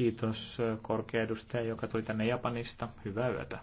Kiitos korkea edustaja, joka tuli tänne Japanista. Hyvää yötä.